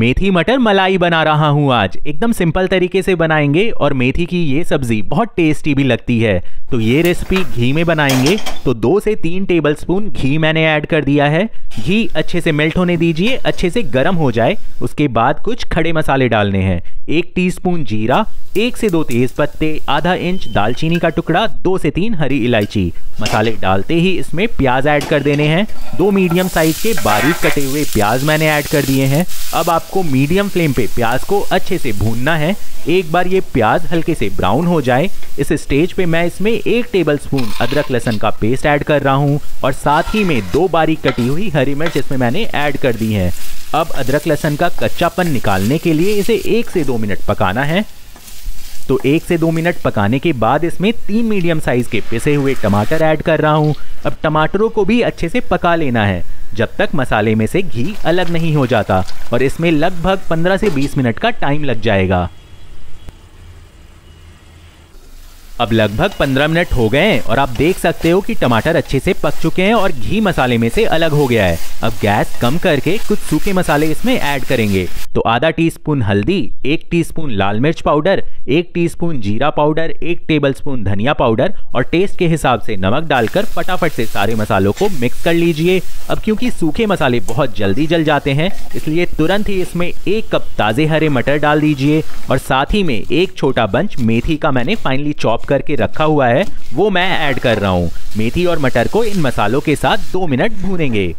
मेथी मटर मलाई बना रहा हूँ आज एकदम सिंपल तरीके से बनाएंगे और मेथी की ये सब्जी बहुत टेस्टी भी लगती है तो ये रेसिपी घी में बनाएंगे तो दो से तीन टेबल स्पून घी मैंने ऐड कर दिया है घी अच्छे से मेल्ट होने दीजिए अच्छे से गर्म हो जाए उसके बाद कुछ खड़े मसाले डालने हैं एक टीस्पून जीरा एक से दो तेज पत्ते आधा इंच दालचीनी का टुकड़ा दो से तीन हरी इलायची मसाले डालते ही इसमें प्याज ऐड कर देने हैं दो मीडियम साइज के बारीक कटे हुए प्याज मैंने ऐड कर दिए हैं अब आपको मीडियम फ्लेम पे प्याज को अच्छे से भूनना है एक बार ये प्याज हल्के से ब्राउन हो जाए इस स्टेज पे मैं इसमें एक टेबल स्पून अदरक लहसन का पेस्ट ऐड कर रहा हूँ और साथ ही में दो बारीक कटी हुई हरी मिर्च इसमें मैंने ऐड कर दी है अब अदरक लहसन का कच्चापन निकालने के लिए इसे एक से दो मिनट पकाना है तो एक से दो मिनट पकाने के बाद इसमें तीन मीडियम साइज़ के पिसे हुए टमाटर ऐड कर रहा हूँ अब टमाटरों को भी अच्छे से पका लेना है जब तक मसाले में से घी अलग नहीं हो जाता और इसमें लगभग 15 से 20 मिनट का टाइम लग जाएगा अब लगभग 15 मिनट हो गए हैं और आप देख सकते हो कि टमाटर अच्छे से पक चुके हैं और घी मसाले में से अलग हो गया है अब गैस कम करके कुछ सूखे मसाले इसमें ऐड करेंगे तो आधा टीस्पून हल्दी एक टीस्पून लाल मिर्च पाउडर एक टीस्पून जीरा पाउडर एक टेबलस्पून धनिया पाउडर और टेस्ट के हिसाब से नमक डालकर फटाफट से सारे मसालों को मिक्स कर लीजिए अब क्योंकि सूखे मसाले बहुत जल्दी जल जाते हैं इसलिए तुरंत ही इसमें एक कप ताज़े हरे मटर डाल दीजिए और साथ ही में एक छोटा बंच मेथी का मैंने फाइनली चॉप करके रखा हुआ है वो मैं ऐड कर रहा हूँ मेथी और मटर को इन मसालों के साथ दो मिनट भूनेंगे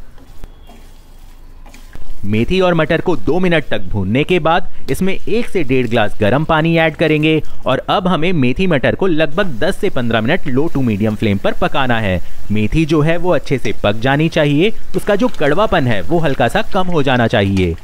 मेथी और मटर को दो मिनट तक भूनने के बाद इसमें एक से डेढ़ ग्लास गर्म पानी ऐड करेंगे और अब हमें मेथी मटर को लगभग 10 से 15 minute low to medium flame पर पकाना है मेथी जो है वो अच्छे से पक जानी चाहिए उसका जो कड़वापन है वो हल्का सा कम हो जाना चाहिए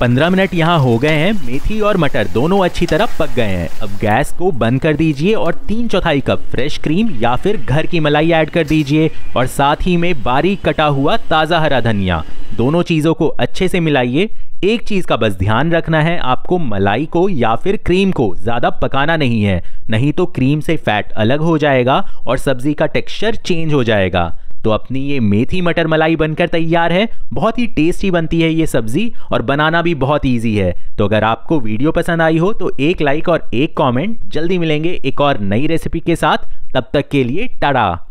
पंद्रह मिनट यहाँ हो गए हैं मेथी और मटर दोनों अच्छी तरह पक गए हैं अब गैस को बंद कर दीजिए और तीन चौथाई कप फ्रेश क्रीम या फिर घर की मलाई ऐड कर दीजिए और साथ ही में बारीक कटा हुआ ताज़ा हरा धनिया दोनों चीज़ों को अच्छे से मिलाइए एक चीज़ का बस ध्यान रखना है आपको मलाई को या फिर क्रीम को ज़्यादा पकाना नहीं है नहीं तो क्रीम से फैट अलग हो जाएगा और सब्ज़ी का टेक्सचर चेंज हो जाएगा तो अपनी ये मेथी मटर मलाई बनकर तैयार है बहुत ही टेस्टी बनती है ये सब्ज़ी और बनाना भी बहुत ईजी है तो अगर आपको वीडियो पसंद आई हो तो एक लाइक और एक कॉमेंट जल्दी मिलेंगे एक और नई रेसिपी के साथ तब तक के लिए टड़ा